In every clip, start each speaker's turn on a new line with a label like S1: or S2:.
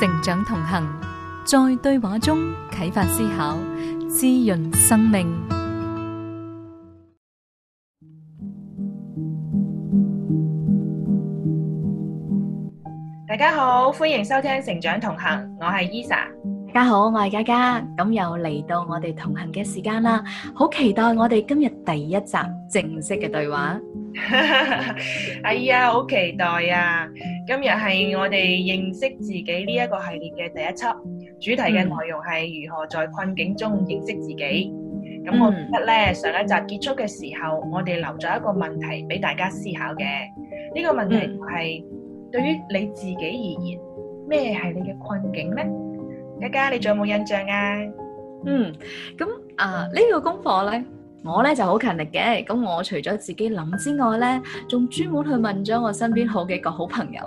S1: 成長同行，在對話中啟發思考，滋潤生命。
S2: 大家好，歡迎收聽成長同行，我係 Esa。
S1: 大家好，我係嘉嘉。咁又嚟到我哋同行嘅時間啦，好期待我哋今日第一
S2: 集正式嘅對話。哎呀，好期待啊！今日係我哋認識自己呢一個系列嘅第一輯，主題嘅內容係如何在困境中認識自己。咁我覺得咧，上一集結束嘅時候，我哋留咗一個問題俾大家思考嘅。呢個問題係對於你自己而言，咩係你嘅困境呢？嘉嘉，你仲有冇印象啊？
S1: 嗯，咁啊，呢個功課咧。我咧就好勤力嘅，咁我除咗自己諗之外咧，仲專門去問咗我身邊好幾個好朋
S2: 友，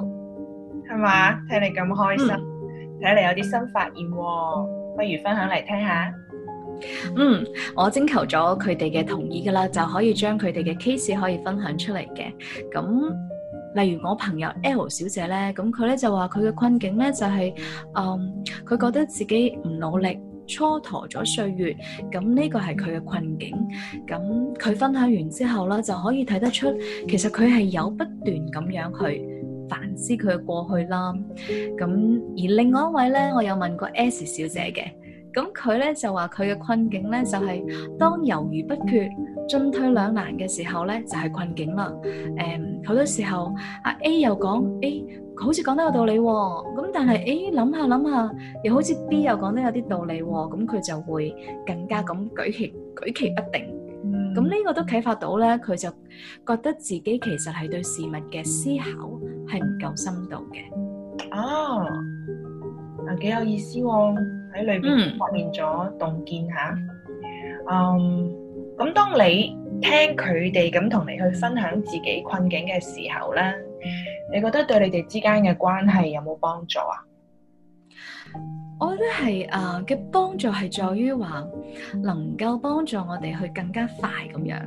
S2: 係嘛？睇你咁開心，睇你、嗯、有啲新發現、哦，不如分享嚟聽下。
S1: 嗯，我徵求咗佢哋嘅同意噶啦，就可以將佢哋嘅 case 可以分享出嚟嘅。咁，例如我朋友 L 小姐咧，咁佢咧就話佢嘅困境咧就係、是，嗯，佢覺得自己唔努力。蹉跎咗歲月，咁呢個係佢嘅困境。咁佢分享完之後啦，就可以睇得出，其實佢係有不斷咁樣去反思佢嘅過去啦。咁而另外一位咧，我有問過 S 小姐嘅，咁佢咧就話佢嘅困境咧就係、是、當猶豫不決、進退兩難嘅時候咧，就係、是、困境啦。誒、嗯，好多時候，阿 A 又講 A。B，好似講得有道理，咁但係誒，諗下諗下，又好似 B 又講得有啲道理，咁佢就會更加咁舉棋舉棋不定。咁呢個都啟發到咧，佢就覺得自己其實係對事物嘅思考係唔夠深度嘅。
S2: 啊，啊幾有意思喎！喺裏邊發現咗洞見吓。嗯。咁當你聽佢哋咁同你去分享自己困境嘅時候咧。你覺得對你哋之間嘅關係有冇幫助啊？我覺得係誒
S1: 嘅幫助係在於話，能夠幫助我哋去更加快咁樣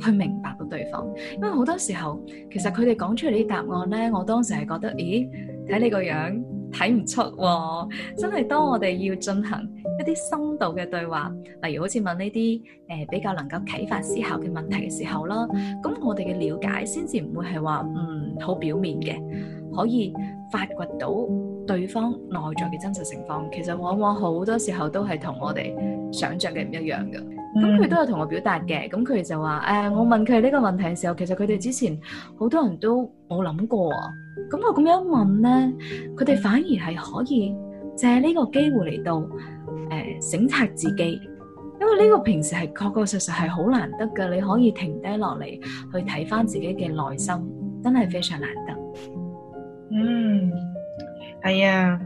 S1: 去明白到對方，因為好多時候其實佢哋講出嚟啲答案咧，我當時係覺得，咦，睇你個樣。睇唔出喎。哦，真係當我哋要進行一啲深度嘅對話，例如好似問呢啲誒比較能夠啟發思考嘅問題嘅時候啦，咁我哋嘅了解先至唔會係話嗯，好表面嘅，可以發掘到對方內在嘅真實情況。其實往往好多時候都係同我哋想像嘅唔一樣嘅。咁佢、嗯、都有同我表達嘅，咁佢就話誒、呃，我問佢呢個問題嘅時候，其實佢哋之前好多人都冇諗過。咁我咁樣問咧，佢哋反而係可以借呢個機會嚟到誒、呃、省察自己，因為呢個平時係確確實實係好難得嘅，你可以停低落嚟去睇翻自己嘅內心，真係非常難得。嗯，
S2: 係啊，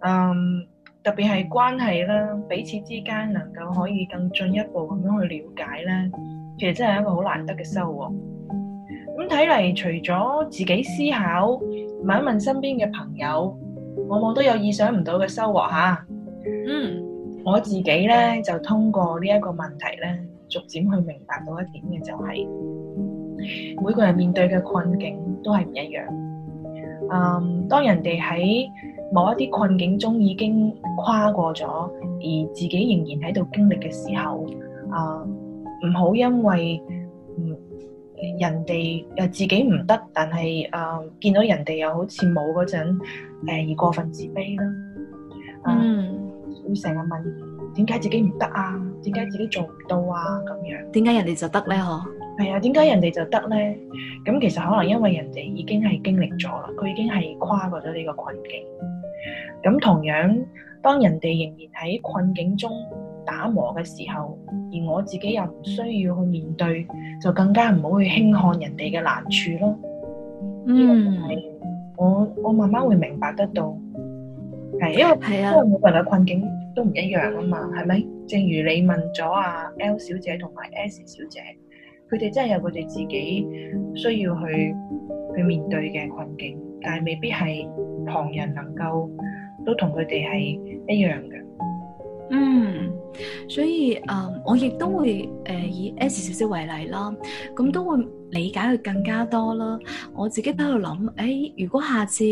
S2: 嗯，特別係關係啦，彼此之間能夠可以更進一步咁樣去了解咧，其實真係一個好難得嘅收穫。咁睇嚟，除咗自己思考，問一問身邊嘅朋友，往往都有意想唔到嘅收穫吓。嗯，我自己咧就通過呢一個問題咧，逐漸去明白到一點嘅就係，每個人面對嘅困境都係唔一樣。嗯，當人哋喺某一啲困境中已經跨過咗，而自己仍然喺度經歷嘅時候，啊、嗯，唔好因為。人哋又自己唔得，但係誒、呃、見到人哋又好似冇嗰陣誒而過分自卑啦，呃、嗯，會成日問點解自己唔得啊？點解自己做唔到啊？咁樣點解人哋就得咧？嗬，係啊，點解人哋就得咧？咁其實可能因為人哋已經係經歷咗啦，佢已經係跨過咗呢個困境。咁同樣，當人哋仍然喺困境中。打磨嘅時候，而我自己又唔需要去面對，就更加唔好去輕看人哋嘅難處咯。嗯，因為我我慢慢會明白得到，係因為我因為我每個人嘅困境都唔一樣啊嘛，係咪？嗯，正如你問咗阿 L 小姐同埋 S 小姐，佢哋真係有佢哋自己需要去去面對嘅困境，但係未必係旁人能夠都同佢哋係一樣嘅。嗯。
S1: 所以誒、呃，我亦都會誒、呃、以 S 小姐為例啦，咁都會理解佢更加多啦。我自己喺度諗，誒、欸，如果下次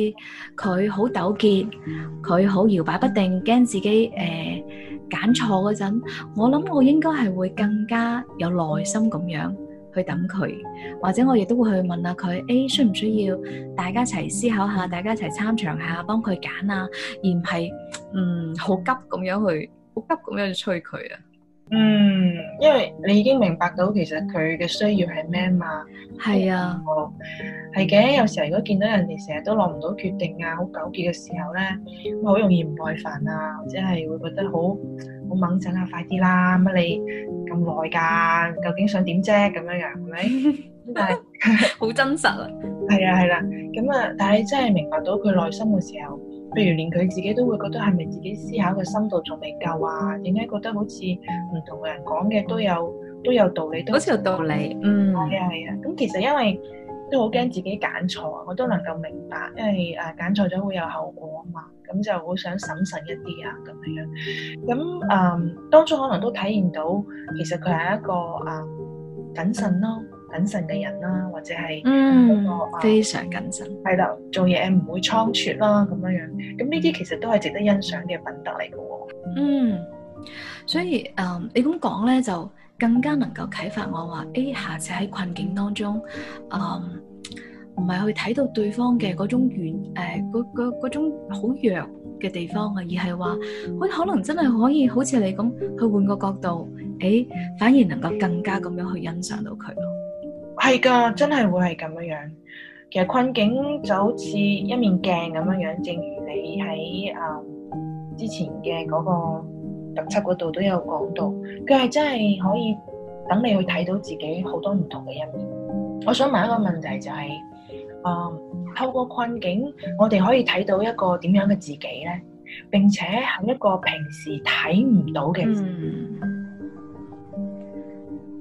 S1: 佢好糾結，佢好搖擺不定，驚自己誒揀、呃、錯嗰陣，我諗我應該係會更加有耐心咁樣去等佢，或者我亦都會去問下佢，誒、欸，需唔需要大家一齊思考下，大家一齊、嗯、參詳下，幫佢揀啊，而唔係嗯好急咁樣去。好急咁樣催佢
S2: 啊！嗯，因為你已經明白到其實佢嘅需要係咩嘛，係啊，
S1: 係嘅。有
S2: 時候如果見到人哋成日都落唔到決定啊，好糾結嘅時候咧，好容易唔耐煩啊，或者係會覺得好好猛進啊，快啲啦！乜你咁耐㗎？究竟想點啫？咁樣樣係咪？但係好真實啊！係啊係啦，咁啊，但係你真係明白到佢內心嘅時候。譬如連佢自己都會覺得係咪自己思考嘅深度仲未夠啊？點解覺得好似唔同嘅人講嘅都有都有道理？都有理好似有道理，嗯，係啊係啊。咁其實因為都好驚自己揀錯，我都能夠明白，因為誒揀錯咗會有後果啊嘛。咁就好想審慎一啲啊，咁樣樣。咁誒、嗯，當初可能都體現到其實佢係一個誒謹、嗯、慎咯。謹慎嘅人啦，或者係嗯，嗯，非常謹慎係啦，做嘢唔會倉促啦，咁樣樣，咁呢啲其實都係值得欣賞嘅品德嚟嘅，嗯，
S1: 所以誒、um, 你咁講咧，就更加能夠啟發我話誒下次喺困境當中，誒唔係去睇到對方嘅嗰種軟誒嗰嗰嗰種好弱嘅地方啊，而係話佢可能真係可以好似你咁去換個角度，誒反而能夠更加咁樣去欣
S2: 賞到佢。係噶，真係會係咁樣樣。其實困境就好似一面鏡咁樣樣，正如你喺誒、呃、之前嘅嗰個特輯嗰度都有講到，佢係真係可以等你去睇到自己好多唔同嘅一面。我想問一個問題，就是，就係誒透過困境，我哋可以睇到一個點樣嘅自己咧？並且係一個平時睇唔到嘅。嗯，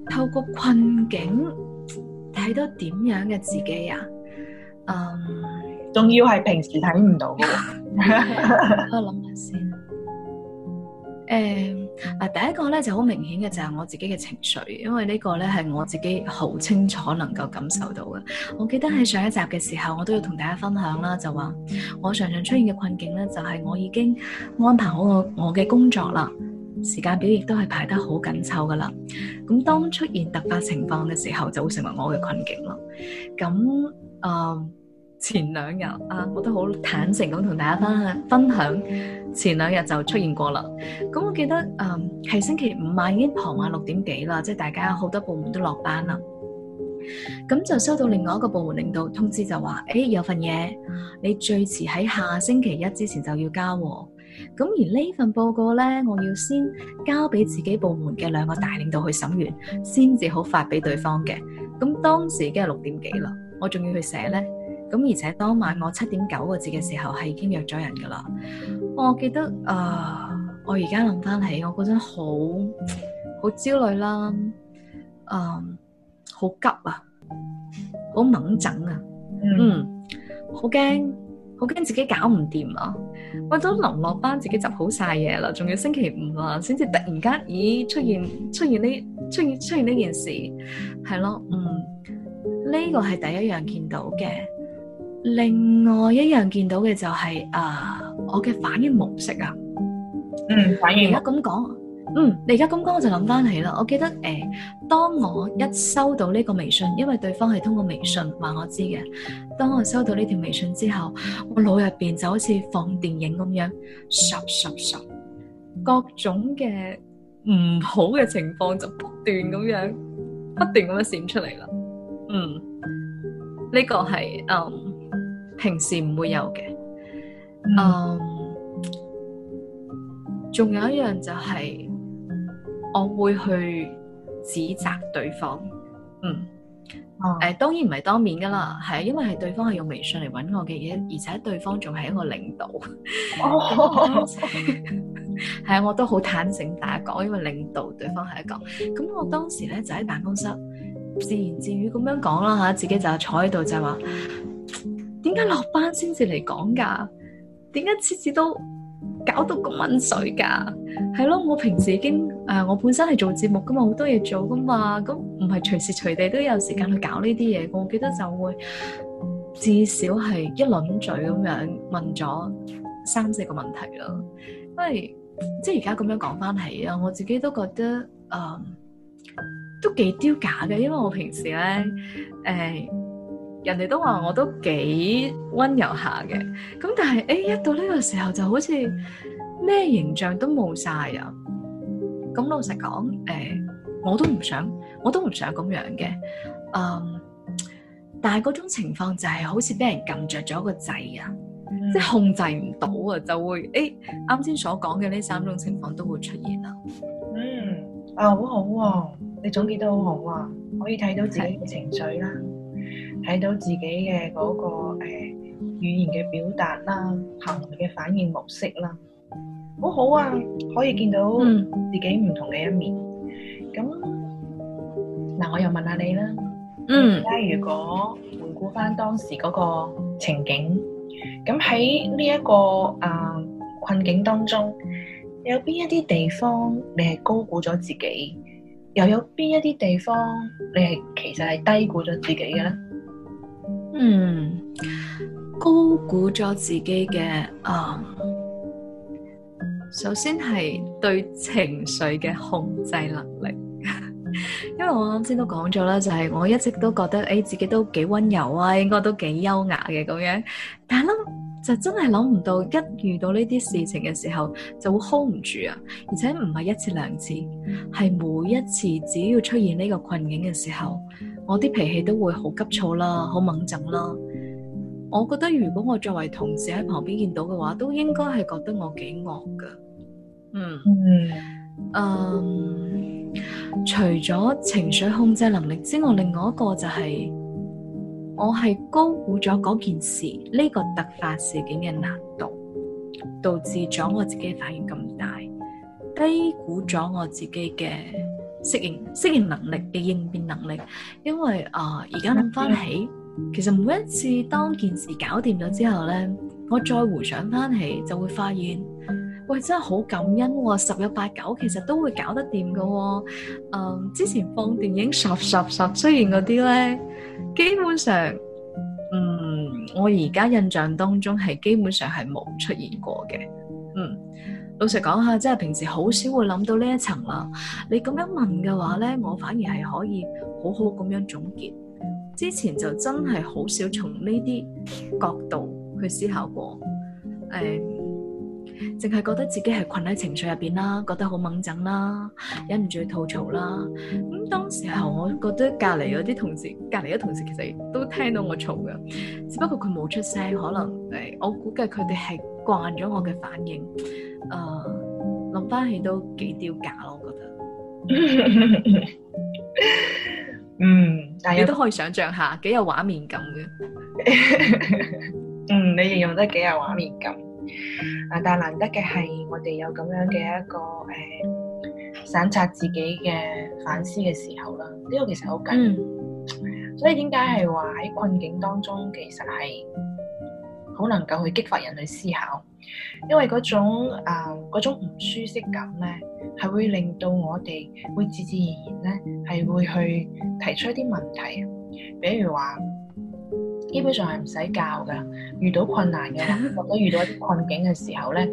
S2: 透過困
S1: 境。睇到點樣嘅自己啊？
S2: 嗯，仲要係平時睇唔到嘅。。 我諗下先。
S1: 誒，啊，第一個咧，就好明顯嘅就係我自己嘅情緒，因為呢個咧，係我自己好清楚能夠感受到嘅。我記得喺上一集嘅時候，我都要同大家分享啦，就話我常常出現嘅困境咧，就係、是、我已經安排好我、我嘅工作啦。時間表亦都係排得好緊湊噶啦，咁當出現突發情況嘅時候，就會成為我嘅困境咯。咁啊、呃，前兩日啊、呃，我都好坦誠咁同大家分享分享，前兩日就出現過啦。咁我記得啊，係、呃、星期五晚已經傍晚六點幾啦，即係大家好多部門都落班啦。咁就收到另外一個部門領導通知就話：誒、欸、有份嘢，你最遲喺下星期一之前就要交喎。咁而呢份報告咧，我要先交俾自己部門嘅兩個大領導去審完，先至好發俾對方嘅。咁當時已經係六點幾啦，我仲要去寫咧。咁而且當晚我七點九個字嘅時候係已經約咗人噶啦。我記得啊，呃，我而家諗翻起，我嗰陣好好焦慮啦，嗯，好急啊，好猛整啊，嗯，好驚。好驚自己搞唔掂啊！為咗能落班，自己執好晒嘢啦，仲要星期五啊，先至突然間，咦，出現出現呢出現出現呢件事，係咯，嗯，呢個係第一樣見到嘅。另外一樣見到嘅就係、是、啊、呃，我嘅反應模式啊，嗯，
S2: 反應而
S1: 家咁講。嗯，你而家咁講我就諗翻起啦，我記得誒、呃，當我一收到呢個微信，因為對方係通過微信話我知嘅，當我收到呢條微信之後，我腦入邊就好似放電影咁樣，唰唰唰，各種嘅唔好嘅情況就不斷咁樣，不斷咁樣閃出嚟啦。嗯，呢個係嗯平時唔會有嘅，嗯，仲有，嗯嗯，有一樣就係。我會去指責對方，嗯，誒、嗯呃，當然唔係當面噶啦，係因為係對方係用微信嚟搵我嘅，嘢，而且對方仲係一個領導，係啊、哦 嗯， 我都好坦誠但係講，因為領導對方係一個，咁我當時咧就喺辦公室自言自語咁樣講啦吓，自己就坐喺度就話，點解落班先至嚟講噶？點解次次都搞到咁温水噶？係咯，我平時已經。誒、呃，我本身係做節目噶嘛，好多嘢做噶嘛，咁唔係隨時隨地都有時間去搞呢啲嘢。我記得就會至少係一輪嘴咁樣問咗三四個問題咯。因為即係而家咁樣講翻起啊，我自己都覺得誒、呃、都幾丟假嘅，因為我平時咧誒、呃、人哋都話我都幾溫柔下嘅，咁但係誒、欸、一到呢個時候就好似咩形象都冇晒啊！咁老實講，誒、哎，我都唔想，我都唔想咁樣嘅，嗯，但係嗰種情況就係好似俾人撳着咗個掣啊，嗯、即係控制唔到啊，就會，誒、哎，啱先所講嘅呢三種情
S2: 況都會出現啊。嗯，啊，好好、啊、喎，你總結得好好啊，可以睇到自己嘅情緒啦，睇的到自己嘅嗰、那個誒語言嘅表達啦，行為嘅反應模式啦。好好啊，可以見到自己唔同嘅一面。咁、嗯、嗱，我又問下你啦。嗯，咁如果回顧翻當時嗰個情景，咁喺呢一個誒、呃、困境當中，有邊一啲地方你係高估咗自己，又有邊一啲地方你係其實係低估咗自己嘅咧？
S1: 嗯，高估咗自己嘅誒。啊首先係對情緒嘅控制能力， 因為我啱先都講咗啦，就係、是、我一直都覺得誒、哎、自己都幾溫柔啊，應該都幾優雅嘅咁樣，但係諗就真係諗唔到一遇到呢啲事情嘅時候就會 hold 唔住啊，而且唔係一次兩次，係每一次只要出現呢個困境嘅時候，我啲脾氣都會好急躁啦，好猛烈啦。我覺得如果我作為同事喺旁邊見到嘅話，都應該係覺得我幾惡㗎。嗯嗯，誒、嗯，除咗情緒控制能力之外，另外一個就係、是、我係高估咗嗰件事呢、這個突發事件嘅難度，導致咗我自己反應咁大，低估咗我自己嘅適應適應能力嘅應變能力。因為啊，而家諗返起。其實每一次當件事搞掂咗之後咧，我再回想翻起，就會發現，喂，真係好感恩喎、哦，十有八九其實都會搞得掂噶、哦。嗯，之前放電影十十十，雖然嗰啲咧，基本上，嗯，我而家印象當中係基本上係冇出現過嘅。
S2: 嗯，
S1: 老實講下，即係平時好少會諗到呢一層啦。你咁樣問嘅話咧，我反而係可以好好咁樣總結。之前就真係好少從呢啲角度去思考過，誒，淨係覺得自己係困喺情緒入邊啦，覺得好掹憎啦，忍唔住要吐槽啦。咁當時候，我覺得隔籬嗰啲同事，隔籬啲同事其實都聽到我嘈㗎，只不過佢冇出聲，可能誒，我估計佢哋係慣咗我嘅反應。誒，諗翻起都幾掉價咯，我覺得。
S2: 嗯，但你都可以想象下，幾有畫面感嘅。 嗯，你形容得幾有畫面感。嗯、啊，但係難得嘅係，我哋有咁樣嘅一個誒，省、呃、察自己嘅反思嘅時候啦。呢、這個其實好緊要、嗯、所以點解係話喺困境當中，其實係。好能夠去激發人去思考，因為嗰種誒、嗰種唔舒適感咧，係會令到我哋會自自然然咧係會去提出一啲問題，比如話基本上係唔使教嘅，遇到困難嘅，或者遇到一啲困境嘅時候咧，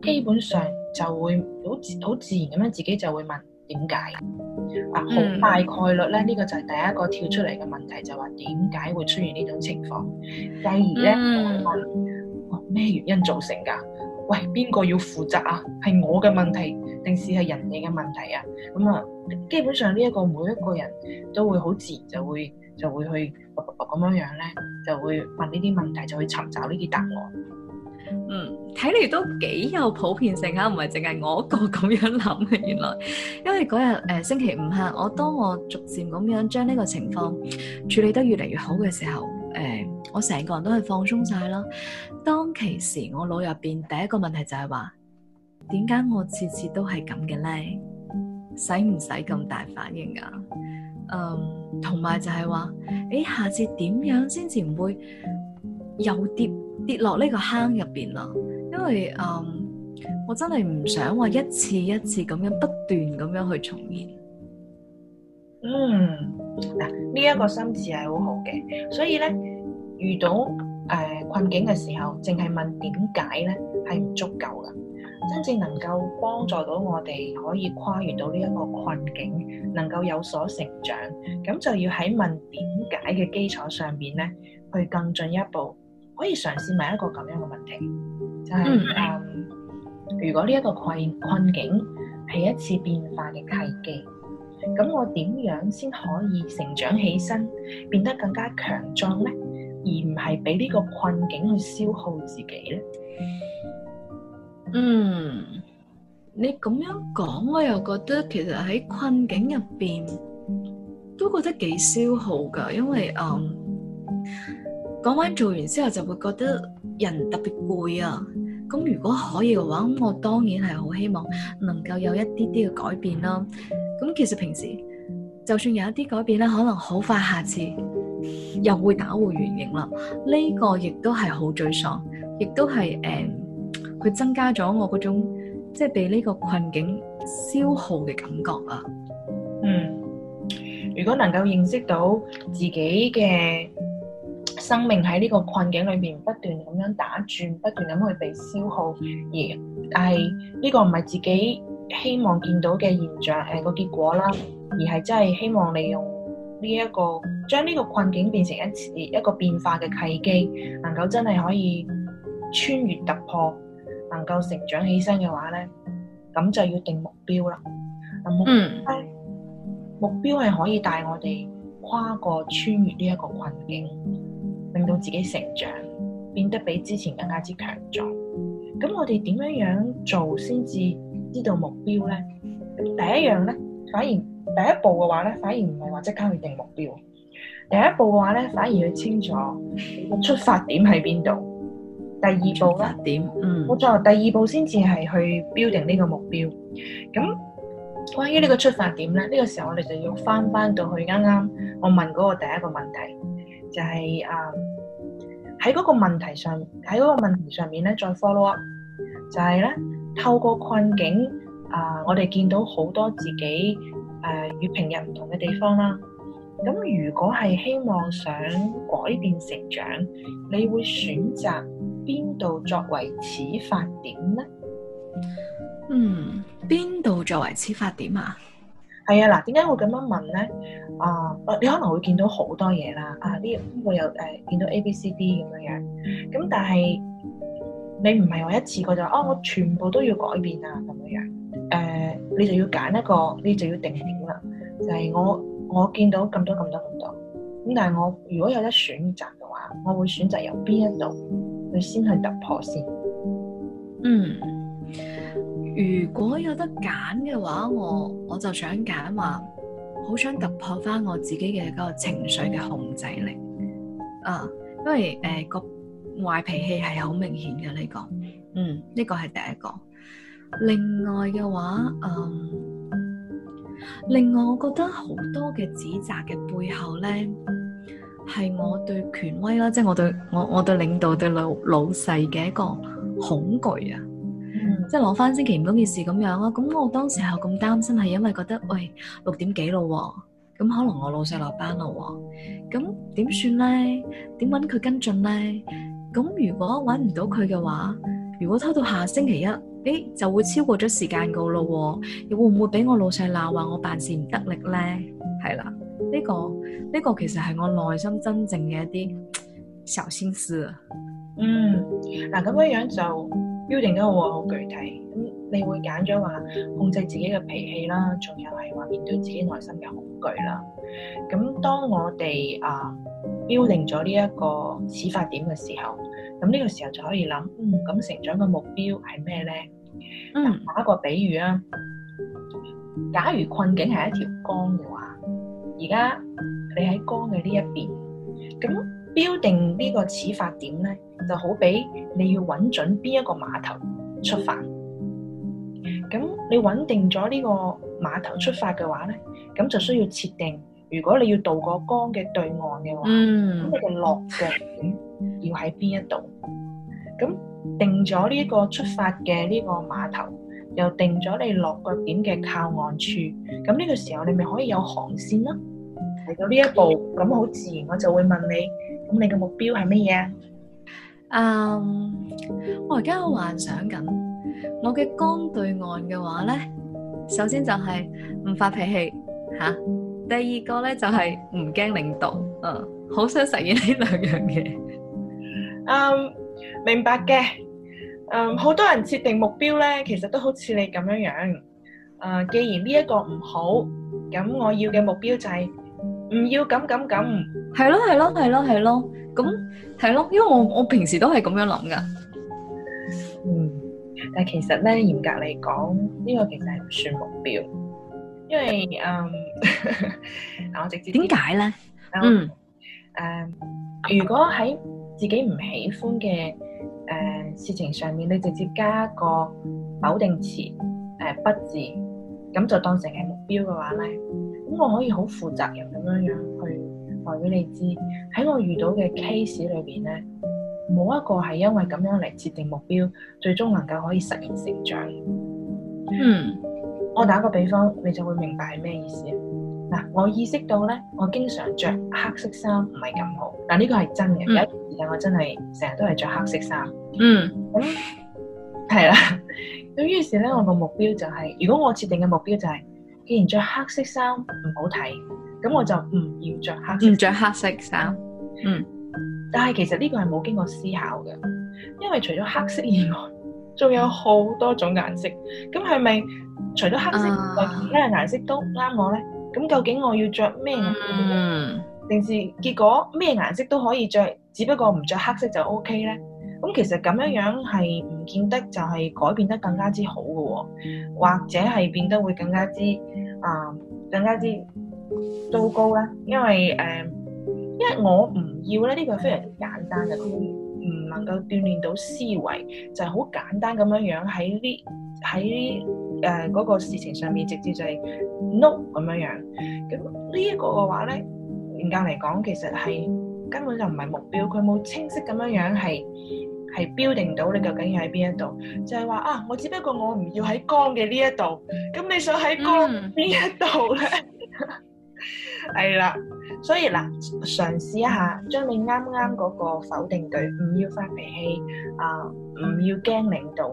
S2: 基本上就會好好自然咁樣自己就會問點解。啊，好大概率咧，呢、呢個就係第一個跳出嚟嘅問題，嗯、就話點解會出現呢種情況？第二咧，我問，咩、嗯、原因造成噶？喂，邊個要負責啊？係我嘅問題，定是係人哋嘅問題啊？咁、嗯、啊，基本上呢一個每一個人都會好自然就會就會去咁樣樣咧，就會問呢啲問題，就去尋找呢啲答案。嗯，睇嚟都幾有普遍性啊，唔係淨係
S1: 我一個咁樣諗嘅。原來，因為嗰日誒星期五吓，我當我逐漸咁樣將呢個情況處理得越嚟越好嘅時候，誒、呃、我成個人都係放鬆晒啦。當其時我腦入邊第一個問題就係話，點解我次次都係咁嘅咧？使唔使咁大反應啊？嗯，同埋就係話，誒、欸、下次點樣先至唔會有啲……」跌落呢個坑入邊啦，因為嗯，我真係唔想話一次一次咁樣不斷咁樣去重現。
S2: 嗯，嗱，呢一個心智係好好嘅，所以咧，遇到誒困境嘅時候，淨係問點解咧，係唔足夠嘅。真正能夠幫助到我哋可以跨越到呢一個困境，能夠有所成長，咁就要喺問點解嘅基礎上邊咧，去更進一步。可以嘗試埋一個咁樣嘅問題，就係誒，如果呢一個困困境係一次變化嘅契機，咁我點樣先可以成長起身，變得更加強壯呢？而唔係俾呢個困境去消耗自己呢。嗯，
S1: 你咁樣講，我又覺得其實喺困境入邊都覺得幾消耗㗎，因為誒。嗰晚做完之後就會覺得人特別攰啊！咁如果可以嘅話，咁我當然係好希望能夠有一啲啲嘅改變啦。咁其實平時就算有一啲改變咧，可能好快下次又會打回原形啦。呢個亦都係好沮喪，亦都係誒佢增加咗我嗰種即係被呢個困境消耗
S2: 嘅感覺啊。嗯，如果能夠認識到自己嘅～生命喺呢個困境裏邊不斷咁樣打轉，不斷咁去被消耗，而但係呢個唔係自己希望見到嘅現象，誒個結果啦，而係真係希望利用呢、這、一個將呢個困境變成一次一個變化嘅契機，能夠真係可以穿越突破，能夠成長起身嘅話咧，咁就要定目標啦。目標、嗯、目標係可以帶我哋跨過穿越呢一個困境。令到自己成長，變得比之前更加之強壯。咁我哋點樣樣做先至知道目標咧？第一樣咧，反而第一步嘅話咧，反而唔係話即刻去定目標。第一步嘅話咧，反而去清楚出發點喺邊度。第二步咧，點？嗯，好在第二步先至係去標定呢個目標。咁關於呢個出發點咧，呢個時候我哋就要翻翻到去啱啱我問嗰個第一個問題。就係、是、誒，喺、呃、嗰個問題上，喺個問題上面咧，再 follow up。就係咧，透過困境啊、呃，我哋見到好多自己誒與、呃、平日唔同嘅地方啦。咁、啊、如果係希望想改變成長，你會選擇邊度作為始發點呢？嗯，邊度作為始發點啊？係啊，嗱，點解會咁樣問咧？啊，你可能會見到好多嘢啦，啊，呢個又誒見到 A、B、C、D 咁樣樣，咁但係你唔係話一次過，佢就哦，我全部都要改變啊咁樣樣，誒、呃，你就要揀一個，你就要定點啦，就係我我見到咁多咁多咁多，咁但係我如果有得選擇嘅話，我會選擇由邊一度去先去突破先，嗯。如果
S1: 有得揀嘅話，我我就想揀啊嘛，好想突破翻我自己嘅嗰個情緒嘅控制力啊，因為誒個壞脾氣係好明顯嘅呢個，嗯，呢個係第一個。另外嘅話，嗯，另外我覺得好多嘅指責嘅背後咧，係我對權威啦，即係我對我我對領導對老老細嘅一個恐懼啊。嗯、 即係攞翻星期五嗰件事咁樣咯，咁、嗯、我當時候咁擔心係因為覺得喂、哎、六點幾咯，咁可能我老細落班咯，咁點算咧？點搵佢跟進咧？咁如果搵唔到佢嘅話，如果拖到下星期一，誒就會超過咗時間噶咯，又會唔會俾我老細鬧話我辦事唔得力咧？係啦、嗯，呢個呢個其實係我內心真正嘅一啲小心思。嗯，
S2: 嗱咁樣樣就。標定得話好具體，咁你會揀咗話控制自己嘅脾氣啦，仲有係話面對自己內心嘅恐懼啦。咁當我哋啊標定咗呢一個始發點嘅時候，咁呢個時候就可以諗，嗯，咁成長嘅目標係咩咧？嗯，打一個比喻啊，假如困境係一條江嘅話，而家你喺江嘅呢一邊咁。標定呢個始發點咧，就好比你要穩準邊一個碼頭出發。咁你穩定咗呢個碼頭出發嘅話咧，咁就需要設定。如果你要渡過江嘅對岸嘅話，咁、嗯、你嘅落腳點要喺邊一度？咁定咗呢個出發嘅呢個碼頭，又定咗你落腳點嘅靠岸處。咁呢個時候你咪可以有航線啦。嚟到呢一步，咁好自然，我就會問你。咁你嘅目標係乜嘢
S1: 啊？我而家幻想緊，我嘅光對岸嘅話咧，首先就係唔發脾氣吓，啊，第二個咧就係
S2: 唔驚領導，嗯、啊，好想實現呢兩樣嘢。嗯，um, 明白嘅。嗯，好多人設定目標咧，其實都好似你咁樣樣。啊，既然呢一個唔好，咁我要嘅目標就係，是。唔要咁咁咁，
S1: 係咯係咯係咯係咯，咁係咯，因為我我平時都
S2: 係咁樣諗噶。嗯，但係其實咧，嚴格嚟講，呢個其實係唔算目標，因為嗯，我直接點解咧？嗯，誒，如果喺自己唔喜歡嘅誒事情上面，你直接加個否定詞誒，不字。咁就當成係目標嘅話咧，咁我可以好負責任咁樣樣去話俾你知，喺我遇到嘅 case 裏邊咧，冇一個係因為咁樣嚟設定目標，最終能夠可以實現成長。嗯，我打個比方，你就會明白係咩意思啊。嗱，我意識到咧，我經常着黑色衫唔係咁好，嗱，呢個係真嘅，有段時間我真係成日都係着黑色衫。嗯，咁係啦。咁於是咧，我個目標就係、是，如果我設定嘅目標就係，既然着黑色衫唔好睇，咁我就唔要着黑色。唔著黑色衫。嗯。但係其實呢個係冇經過思考嘅，因為除咗黑色以外，仲 有好多種顏色。咁係咪除咗黑色，其他嘅顏色都唔啱我咧？咁究竟我要着咩？嗯。定係結果咩顏色都可以着，只不過唔着黑色就 O K 咧。咁其實咁樣樣係唔見得就係改變得更加之好嘅喎，或者係變得會更加之啊、呃、更加之糟糕啦。因為誒、呃，因為我唔要咧，呢、這個非常簡單嘅，佢、就、唔、是、能夠鍛鍊到思維，就係、是、好簡單咁樣樣喺呢喺誒嗰個事情上面直接就係 no 咁樣樣，咁、這個、呢一個嘅話咧，嚴格嚟講其實係。根本就唔係目標，佢冇清晰咁樣樣係係標定到你究竟要喺邊一度，就係話啊，我只不過我唔要喺江嘅呢一度，咁你想喺江邊一度咧？係啦，所以嗱，嘗試一下將你啱啱嗰個否定句，唔要發脾氣啊，唔要驚領導，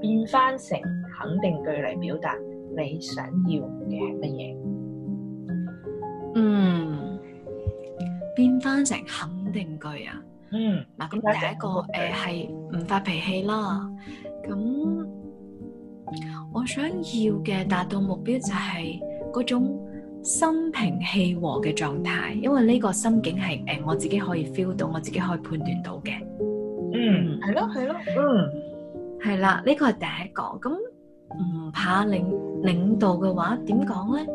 S2: 變翻成肯定句嚟表達你想要嘅係乜嘢？嗯。成肯定句啊，嗯，嗱、啊，咁第一個
S1: 誒係唔發脾氣啦。咁、嗯嗯、我想要嘅達到目標就係嗰種心平氣和嘅狀態，因為呢個心境係誒、呃、我自己可以 feel 到，我自己可以判斷到嘅。嗯，
S2: 係
S1: 咯係咯，嗯，係啦，呢、呢個係第一個。咁唔怕領領導嘅話，點講咧？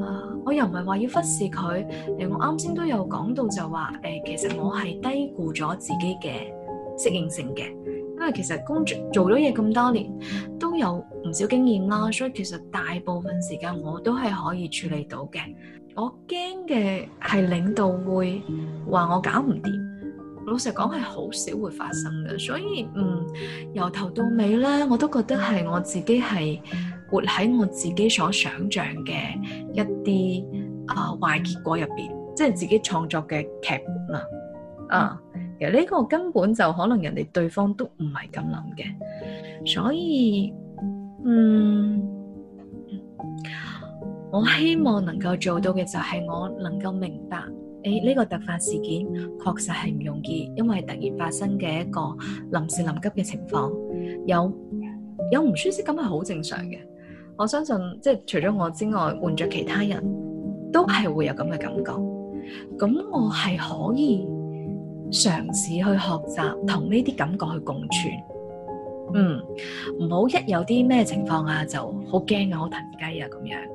S1: 啊！我又唔係話要忽視佢，誒，我啱先都有講到就話，誒、呃，其實我係低估咗自己嘅適應性嘅，因為其實工作做咗嘢咁多年，都有唔少經驗啦，所以其實大部分時間我都係可以處理到嘅。我驚嘅係領導會話我搞唔掂，老實講係好少會發生嘅，所以嗯，由頭到尾咧，我都覺得係我自己係。活喺我自己所想象嘅一啲啊，壞結果入邊，即係自己創作嘅劇本啊。其實呢個根本就可能人哋對方都唔係咁諗嘅，所以嗯，我希望能夠做到嘅就係我能夠明白，誒，呢個突發事件確實係唔容易，因為突然發生嘅一個臨時臨急嘅情況，有有唔舒適感係好正常嘅。我相信即係除咗我之外，換咗其他人都係會有咁嘅感覺。咁我係可以嘗試去學習同呢啲感覺去共存。嗯，唔好一有啲咩情況啊，就好驚啊，好騰雞啊咁樣。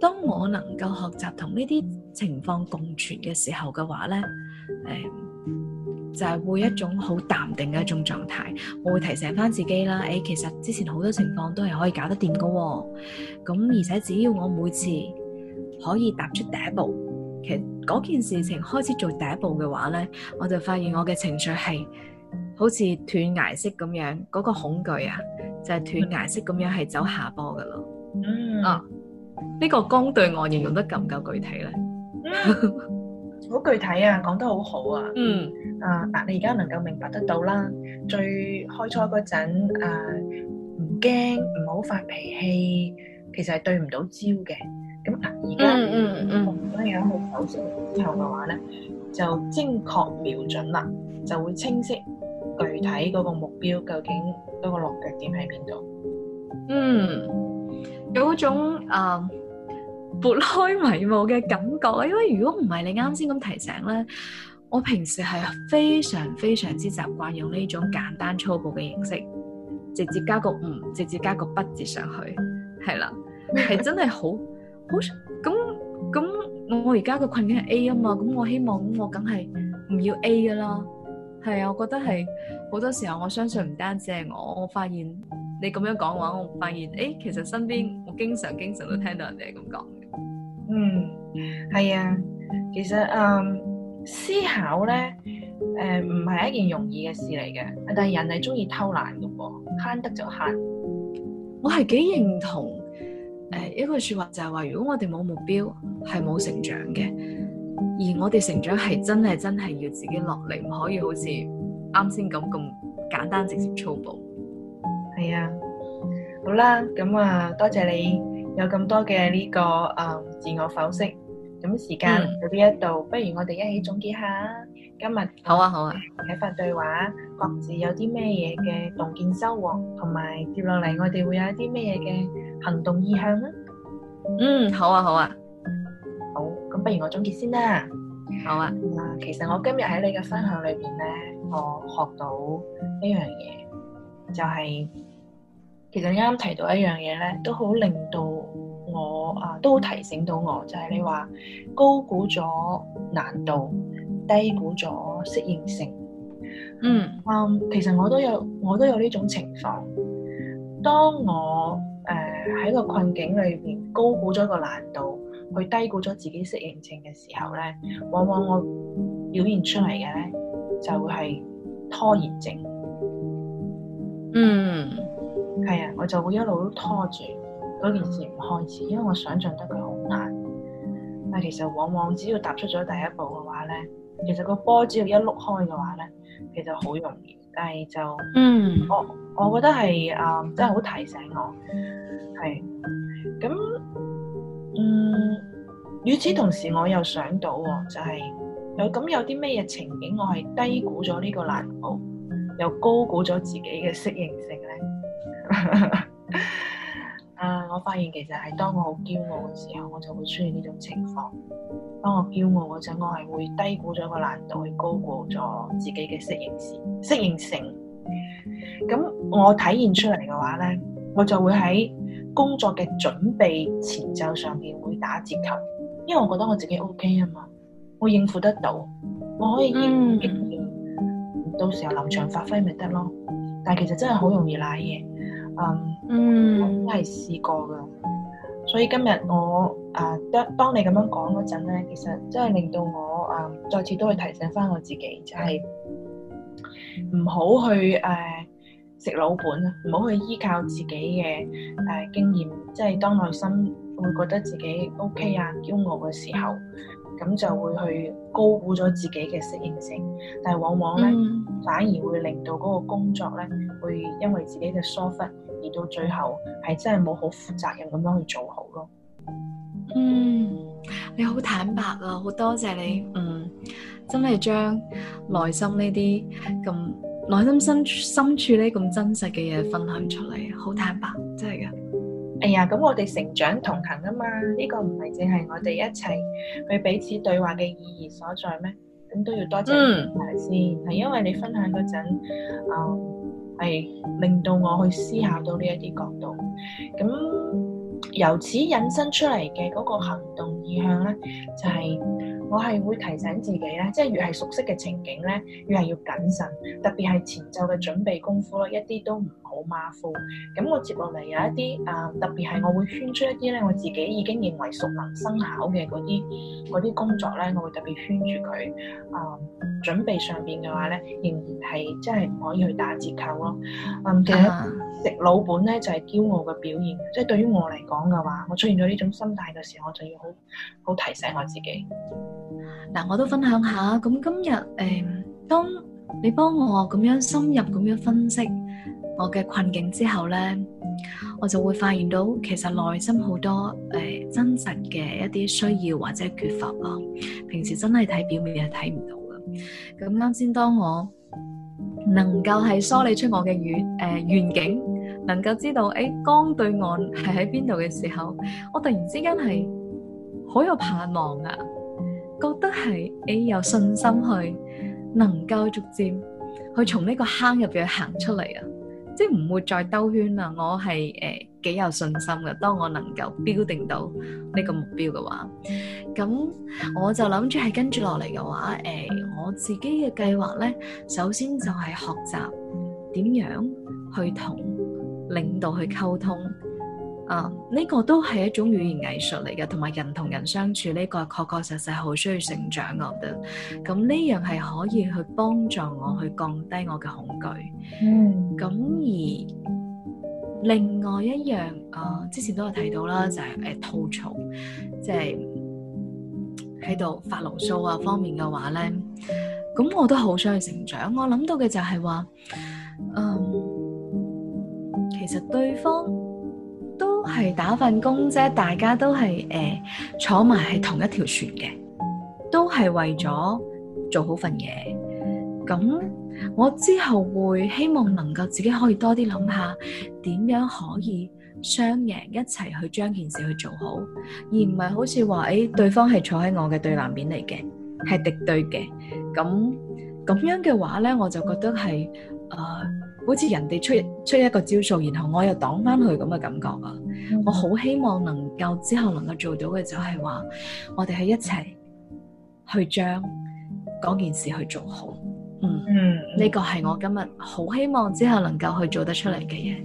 S1: 當我能夠學習同呢啲情況共存嘅時候嘅話咧，誒、哎。就係會一種好淡定嘅一種狀態，我會提醒翻自己啦。誒、哎，其實之前好多情況都係可以搞得掂㗎，咁而且只要我每次可以踏出第一步，其實嗰件事情開始做第一步嘅話呢，我就發現我嘅情緒係好似斷崖式咁樣，嗰、那個恐懼啊，就係、是、斷崖式咁樣係走下坡㗎咯。嗯，啊，
S2: 呢、
S1: 這個剛對我形容得夠唔夠具體呢？
S2: 好具體啊，講得好好啊！嗯啊，嗱，你而家能夠明白得到啦。最開初嗰陣，呃、唔驚，唔好發脾氣，其實係對唔到焦嘅。咁、啊、嗱，而家同咗樣去修飾之後嘅話咧，嗯、就精確瞄準啦，就會清晰具體嗰個目標究竟嗰個落腳點喺邊度。
S1: 嗯，有種誒。Uh, 撥開迷霧嘅感覺，因為如果唔係你啱先咁提醒咧，我平時係非常非常之習慣用呢種簡單粗暴嘅形式，直接加個唔，直接加個不字上去，係啦，係真係好好咁咁。我而家嘅困境係 A 啊嘛，咁我希望我梗係唔要 A 噶啦，係啊，我覺得係好多時候我相信唔單止係我，我發現你咁樣講嘅話，我發現誒、欸，其實身邊我經常經常都聽到人哋係咁講。
S2: 嗯，係啊，其實誒、嗯、思考咧，誒唔係一件容易嘅事嚟嘅，但係人係中意偷懶噶噃，慳得就慳。
S1: 我係幾認同誒一句說話就係話，如果我哋冇目標，係冇成長嘅。而我哋成長係真係真係要自己落嚟，唔可以好似啱
S2: 先咁咁簡單直接粗暴。係啊，好啦，咁、嗯、啊多謝你有咁多嘅呢、呢個誒。嗯自我剖析，咁時間喺呢一度，嗯、不如我哋一起總結下今日。好啊，好啊。啟發對話，各自有啲咩嘢嘅洞見收穫，同埋接落嚟我哋會有一啲咩嘢嘅行動意向咧？嗯，好啊，好啊。好，咁不如我總結先啦。好啊。嗱、嗯，其實我今日喺你嘅分享裏邊咧，我學到一樣嘢，就係、是、其實啱啱提到一樣嘢咧，都好令到。我啊都提醒到我，就係你話高估咗難度，低估咗適應性。嗯，嗯，其實我都有我都有呢種情況。當我誒喺個困境裏邊高估咗個難度，去低估咗自己適應性嘅時候咧，往往我表現出嚟嘅咧就會係拖延症。嗯，係啊，我就會一路都拖住，嗰件事唔開始，因為我想象得佢好難。但其實往往只要踏出咗第一步嘅話咧，其實個波只要一碌開嘅話咧，其實好容易。但係就嗯，我我覺得係啊、呃，真係好提醒我係。咁嗯，與此同時，我又想到喎，就係、是、有咁有啲咩嘢情景，我係低估咗呢個難度，又高估咗自己嘅適應性咧？ 啊！我發現其實係當我好驕傲嘅時候，我就會出現呢種情況。當我驕傲嗰陣，我係會低估咗個難度，去高估咗自己嘅適應時、適應性。咁我體現出嚟嘅話咧，我就會喺工作嘅準備前奏上邊會打折扣，因為我覺得我自己 O K 啊嘛，我應付得到，我可以應變，嗯嗯、到時候臨場發揮咪得咯。但係其實真係好容易瀨嘢。嗯，都係、um, 試過㗎，所以今日我啊當當你咁樣講嗰陣咧，其實真係令到我啊再次都會提醒返我自己，就係唔好去誒食、啊、老本啊，唔好去依靠自己嘅誒、啊、經驗，即、就、係、是、當內心會覺得自己 O、OK、K 啊，驕傲嘅時候。咁就會去高估咗自己嘅適應性，但係往往咧、嗯、反而會令到嗰個工作咧，會因為自己嘅疏忽，而到最後係真係冇好負責任咁樣去做好咯。嗯，
S1: 你好坦白啊，好多謝你，嗯，真係將內心呢啲咁內心深深處呢咁真實嘅嘢分享出嚟，好坦白。
S2: 哎呀，咁我哋成長同行啊嘛，呢、這個唔係淨係我哋一齊去彼此對話嘅意義所在咩？咁都要多謝先，係、嗯、因為你分享嗰陣，啊、呃，係令到我去思考到呢一啲角度。咁由此引申出嚟嘅嗰個行動意向咧，就係、是、我係會提醒自己咧，即係越係熟悉嘅情景咧，越係要謹慎，特別係前奏嘅準備功夫咯，一啲都唔～好馬虎，咁、嗯、我接落嚟有一啲啊、呃，特別係我會圈出一啲咧，我自己已經認為熟能生巧嘅嗰啲啲工作咧，我會特別圈住佢啊。準備上面嘅話咧，仍然係真係唔可以去打折扣咯。嗯，其實、嗯啊、食老本咧就係、是、驕傲嘅表現，即係對於我嚟講嘅話，我出現咗呢種心態嘅時候，我就要好好提醒我自己。
S1: 嗱，我都分享下，咁今日誒、呃、當。你幫我咁樣深入咁樣分析我嘅困境之後咧，我就會發現到其實內心好多誒、呃、真實嘅一啲需要或者缺乏咯。平時真係睇表面係睇唔到嘅。咁啱先，當我能夠係梳理出我嘅遠誒願景，能夠知道誒江、欸、對岸係喺邊度嘅時候，我突然之間係好有盼望啊！覺得係你、欸、有信心去。能夠逐漸去從呢個坑入邊行出嚟啊！即係唔會再兜圈啦。我係誒、呃、幾有信心嘅。當我能夠 b 定到呢個目標嘅話，咁我就諗住係跟住落嚟嘅話，誒、呃、我自己嘅計劃咧，首先就係學習點樣去同領導去溝通。啊！呢個都係一種語言藝術嚟嘅。同埋人同人相處呢個確確實實好需要成長。我覺得咁呢樣係可以去幫助我去降低我嘅恐懼。嗯。咁而另外一樣啊，之前都有提到啦，就係、是、誒、啊、吐槽，即係喺度發牢騷啊方面嘅話咧，咁我都好想要成長。我諗到嘅就係話，嗯，其實對方。都係打份工啫，大家都係誒、呃、坐埋係同一條船嘅，都係為咗做好份嘢。咁我之後會希望能夠自己可以多啲諗下，點樣可以雙贏一齊去將件事去做好，而唔係好似話誒對方係坐喺我嘅對立面嚟嘅，係敵對嘅。咁咁樣嘅話呢，我就覺得係誒。呃好似人哋出出一個招數，然後我又擋翻佢咁嘅感覺啊！Mm hmm. 我好希望能夠之後能夠做到嘅就係話，我哋係一齊去將嗰件事去做好。嗯、mm，呢個係我今日好希望之後能夠去做得出嚟嘅
S2: 嘢。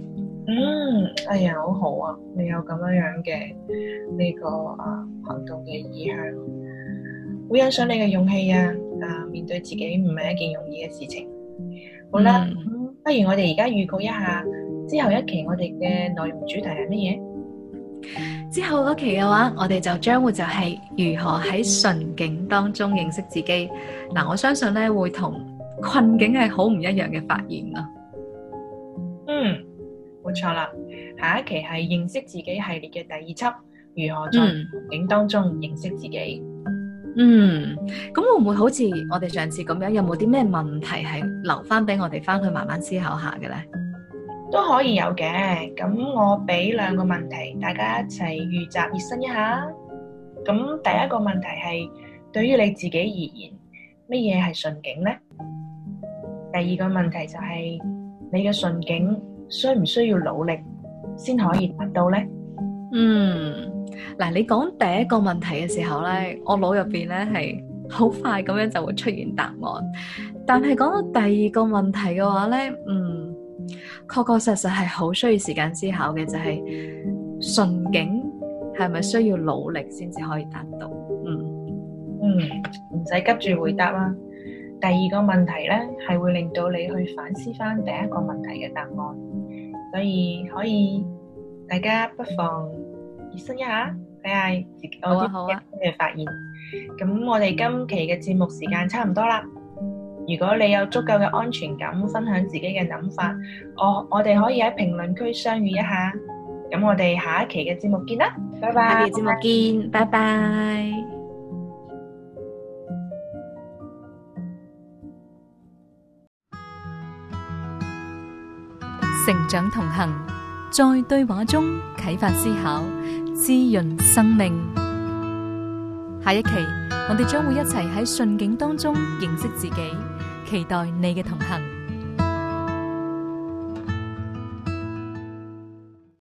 S2: 嗯、mm，hmm. 哎呀，好好啊！你有咁樣樣嘅呢個啊行動嘅意向，好欣賞你嘅勇氣啊！啊，面對自己唔係一件容易嘅事情。好啦。Mm hmm. 不如我哋而家預告一下，之後一期我哋嘅內容主題係乜嘢？
S1: 之後嗰期嘅話，我哋就將會就係如何喺順境當中認識自己嗱。我相信咧會同困境係好唔一樣嘅發現啊。
S2: 嗯，冇錯啦。下一期係認識自己系列嘅第二輯，如何在順境當中認識自己？
S1: 嗯，咁會唔會好似我哋上次咁樣？有冇啲咩問題係留翻俾我哋
S2: 翻去慢慢思考下嘅咧？都可以有嘅，咁我俾兩個問題，大家一齊預習熱身一下。咁第一個問題係對於你自己而言，乜嘢係順境咧？第二個問題就係、是、你嘅順境需唔需要努力先可以得到咧？
S1: 嗯。嗱，你講第一個問題嘅時候咧，我腦入邊咧係好快咁樣就會出現答案。但係講到第二個問題嘅話咧，嗯，確確實實係好需要時間思考嘅，就係、是、
S2: 順境係咪需要努力先至可以達到？嗯嗯，唔使急住回答啦、啊。第二個問題咧係會令到你去反思翻第一個問題嘅答案，所以可以大家不妨身一下，睇下我自己嘅發現。咁我哋今期嘅節目時間差唔多啦。如果你有足夠嘅安全感，分享自己嘅諗法，我我哋可以喺評論區相遇一下。咁我哋下一期嘅節目見啦，拜拜。下期節目見，拜拜。
S1: 成長同行，在對話中啟發思考。滋潤生命。下一期，我哋將會一齊喺順境當中認識自己，期待你嘅同行。